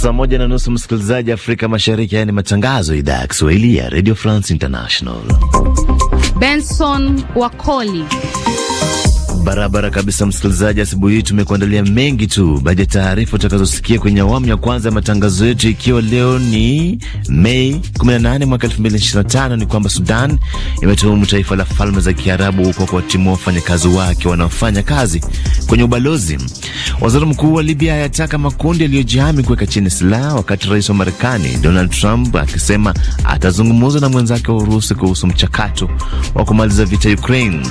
Saa moja na nusu msikilizaji Afrika Mashariki, ni matangazo idhaa ya Kiswahili ya Radio France International. Benson Wakoli Barabara kabisa, msikilizaji. Asubuhi hii tumekuandalia mengi tu, baada ya taarifa utakazosikia kwenye awamu ya kwanza ya matangazo yetu, ikiwa leo ni Mei 18 mwaka 2025, ni kwamba Sudan imetuhumu taifa la Falme za Kiarabu kwa kuwatimua wafanyakazi wake wanaofanya kazi kwenye ubalozi. Waziri mkuu wa Libya ayataka makundi yaliyojihami kuweka chini silaha, wakati rais wa Marekani Donald Trump akisema atazungumza na mwenzake wa Urusi kuhusu mchakato wa kumaliza vita Ukraine.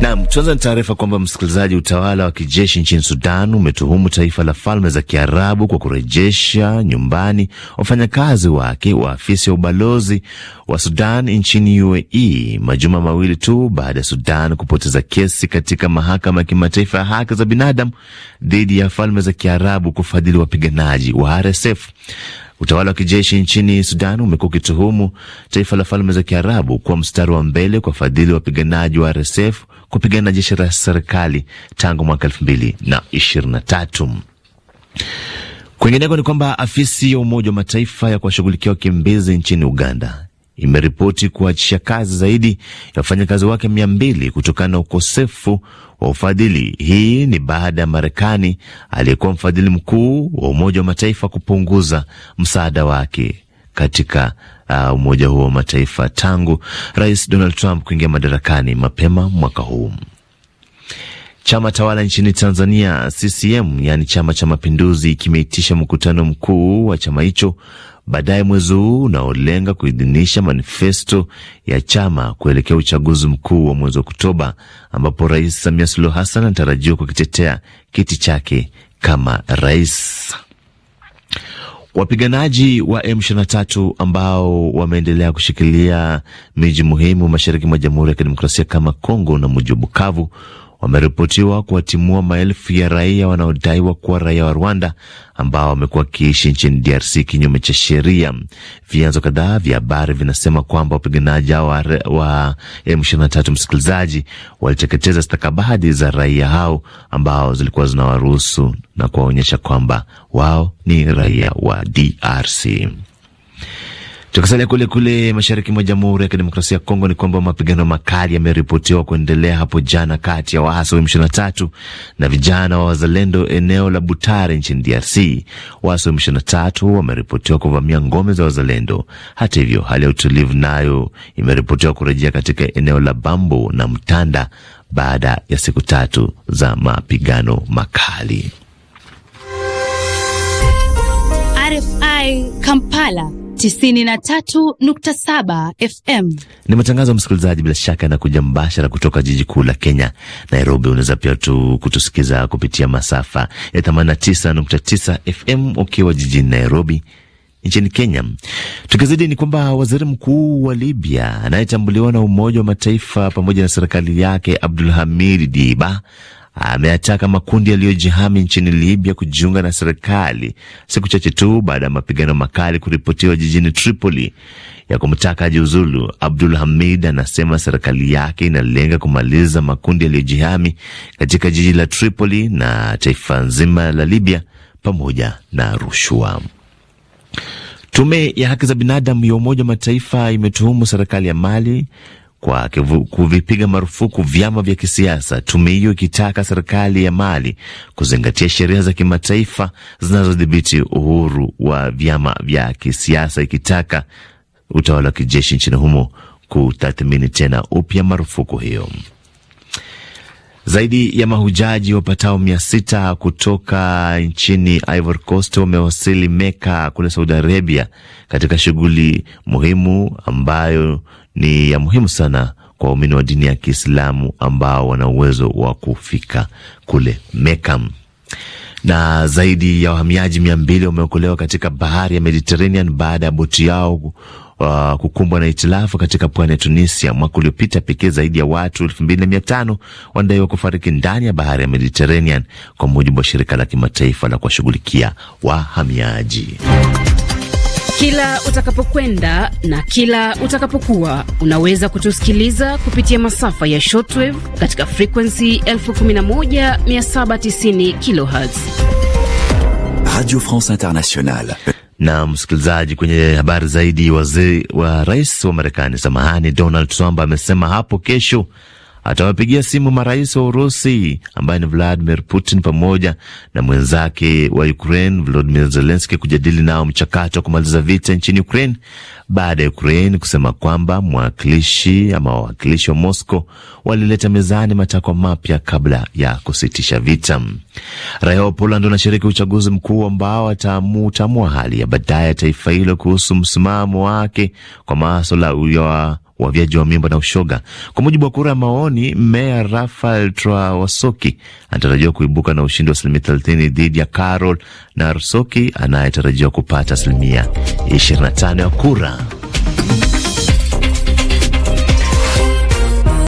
Nam, tuanza na taarifa kwamba msikilizaji, utawala wa kijeshi nchini Sudan umetuhumu taifa la Falme za Kiarabu kwa kurejesha nyumbani wafanyakazi wake wa afisi ya ubalozi wa Sudan nchini UAE majuma mawili tu baada ya Sudan kupoteza kesi katika mahakama ya kimataifa ya haki za binadamu dhidi ya Falme za Kiarabu kufadhili wapiganaji wa RSF. Utawala wa kijeshi nchini Sudan umekuwa ukituhumu taifa la Falme za Kiarabu kuwa mstari wa mbele kwa fadhili wapiganaji wa RSF kupigana na jeshi la serikali tangu mwaka elfu mbili na ishirini na tatu. Kwingineko ni kwamba afisi ya Umoja wa Mataifa ya kuwashughulikia wakimbizi nchini Uganda imeripoti kuachisha kazi zaidi ya wafanyakazi wake mia mbili kutokana na ukosefu wa ufadhili. Hii ni baada ya Marekani aliyekuwa mfadhili mkuu wa Umoja wa Mataifa kupunguza msaada wake katika uh, umoja huo wa mataifa tangu Rais Donald Trump kuingia madarakani mapema mwaka huu. Chama tawala nchini Tanzania CCM, yaani Chama cha Mapinduzi, kimeitisha mkutano mkuu wa chama hicho baadaye mwezi huu unaolenga kuidhinisha manifesto ya chama kuelekea uchaguzi mkuu wa mwezi Oktoba, ambapo Rais Samia Suluhu Hassan anatarajiwa kukitetea kiti chake kama rais. Wapiganaji wa M23 ambao wameendelea kushikilia miji muhimu mashariki mwa Jamhuri ya Kidemokrasia kama Kongo na mji wa Bukavu wameripotiwa kuwatimua maelfu ya raia wanaodaiwa kuwa raia wa Rwanda ambao wamekuwa wakiishi nchini DRC kinyume cha sheria. Vyanzo kadhaa vya habari vinasema kwamba wapiganaji hao wa M23, msikilizaji, waliteketeza stakabadhi za raia hao ambao zilikuwa zinawaruhusu na kuwaonyesha kwamba wao ni raia wa DRC. Tukisalia kule kule mashariki mwa Jamhuri ya Kidemokrasia ya Kongo ni kwamba mapigano makali yameripotiwa kuendelea hapo jana kati ya waasi wa M23 na vijana wa wazalendo eneo la Butare nchini DRC. Waasi wa M23 wameripotiwa kuvamia ngome za wazalendo. Hata hivyo, hali ya utulivu nayo imeripotiwa kurejea katika eneo la Bambo na Mtanda baada ya siku tatu za mapigano makali. RFI Kampala 93.7 FM. Ni matangazo ya msikilizaji, bila shaka yanakuja mbashara kutoka jiji kuu la Kenya, Nairobi. Unaweza pia tu kutusikiza kupitia masafa ya 89.9 FM ukiwa jijini Nairobi nchini Kenya. Tukizidi ni kwamba waziri mkuu wa Libya anayetambuliwa na Umoja wa Mataifa pamoja na serikali yake Abdul Hamid Diba ameyataka makundi yaliyojihami nchini Libya kujiunga na serikali siku chache tu baada ya mapigano makali kuripotiwa jijini Tripoli ya kumtaka ajiuzulu. Abdul Hamid anasema serikali yake inalenga kumaliza makundi yaliyojihami katika jiji la Tripoli na taifa nzima la Libya pamoja na rushwa. Tume ya haki za binadamu ya Umoja wa Mataifa imetuhumu serikali ya Mali kwa kuvipiga marufuku vyama vya kisiasa, tume hiyo ikitaka serikali ya Mali kuzingatia sheria za kimataifa zinazodhibiti uhuru wa vyama vya kisiasa, ikitaka utawala wa kijeshi nchini humo kutathmini tena upya marufuku hiyo. Zaidi ya mahujaji wapatao mia sita kutoka nchini Ivory Coast wamewasili Meka kule Saudi Arabia katika shughuli muhimu ambayo ni ya muhimu sana kwa waumini wa dini ya Kiislamu ambao wana uwezo wa kufika kule Meka na zaidi ya wahamiaji mia mbili wameokolewa katika bahari ya Mediterranean baada ya boti yao uh, kukumbwa na itilafu katika pwani ya Tunisia mwaka uliopita pekee, zaidi ya watu elfu mbili na mia tano wanadaiwa kufariki ndani ya bahari ya Mediterranean kwa mujibu wa shirika la kimataifa la kuwashughulikia wahamiaji. Kila utakapokwenda na kila utakapokuwa unaweza kutusikiliza kupitia masafa ya shortwave katika frequency 11790 kilohertz. Radio France Internationale. Na msikilizaji, kwenye habari zaidi, waziri wa rais wa Marekani samahani, Donald Trump amesema hapo kesho atawapigia simu marais wa Urusi ambaye ni Vladimir Putin pamoja na mwenzake wa Ukraine Volodymyr Zelensky kujadili nao mchakato wa kumaliza vita nchini Ukraine baada ya Ukraine kusema kwamba mwakilishi ama wawakilishi wa Moscow walileta mezani matakwa mapya kabla ya kusitisha vita. Raia wa Poland wanashiriki uchaguzi mkuu ambao atamutamua hali ya baadaye ya taifa hilo kuhusu msimamo wake kwa maswala ya uavyaji wa mimba na ushoga. Kwa mujibu wa kura ya maoni, meya Rafael Trawasoki anatarajiwa kuibuka na ushindi wa asilimia 30 dhidi ya Carol Narsoki anayetarajiwa kupata asilimia 25 ya kura.